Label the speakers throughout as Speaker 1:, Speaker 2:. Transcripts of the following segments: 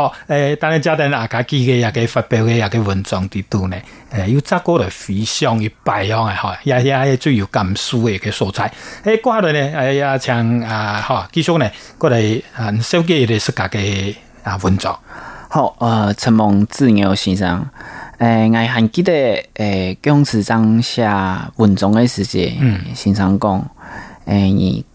Speaker 1: 哦、誒，但係揸定阿家己嘅、啊、一個發表嘅一個文章啲度呢？誒，又再過來分享去培養誒，吓，也也有係最有感觸嘅一個素材。誒，過來呢？誒呀，像啊，吓、哦，繼續呢，過來、啊、收幾啲作家嘅啊文章。好，呃，陳夢
Speaker 2: 志牛先生，誒、呃，我仲記得誒，張家驥寫文章嘅時節，嗯，先生講誒、呃，你。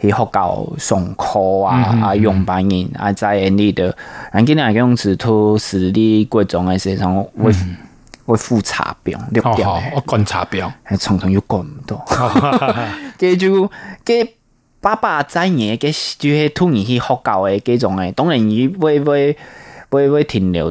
Speaker 2: 去學校上課啊啊，嗯、啊用班人、嗯、啊，在你那，你那樣子都是你各種的這種，嗯、會會複查表，六表、哦，我觀察表，還常常有這麼多。這就給爸爸在嘢，就係突然去學校嘅各種嘅，當然也不會不會不會,會,會停留。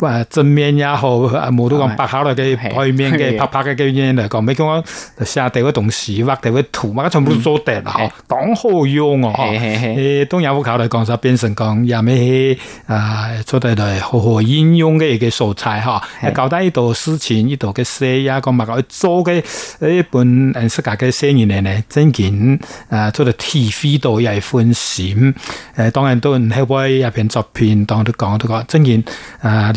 Speaker 1: 哇正面也好，冇到講白口來嘅背面嘅拍拍嘅嘅嘢嚟講，咪講寫地嗰同事畫地嗰圖，全部,全部都做得啦、嗯，當好用哦。當然口嚟講就變成講，又咪啊，做得嚟好好應用嘅一個素材吓，的搞低呢度事情呢度嘅事，一個物佢做嘅一本誒世界嘅生意嚟咧，真件誒、啊、做得 T V 到又係歡喜，誒、啊、當然都唔係話一片作品，當然講都講真件啊。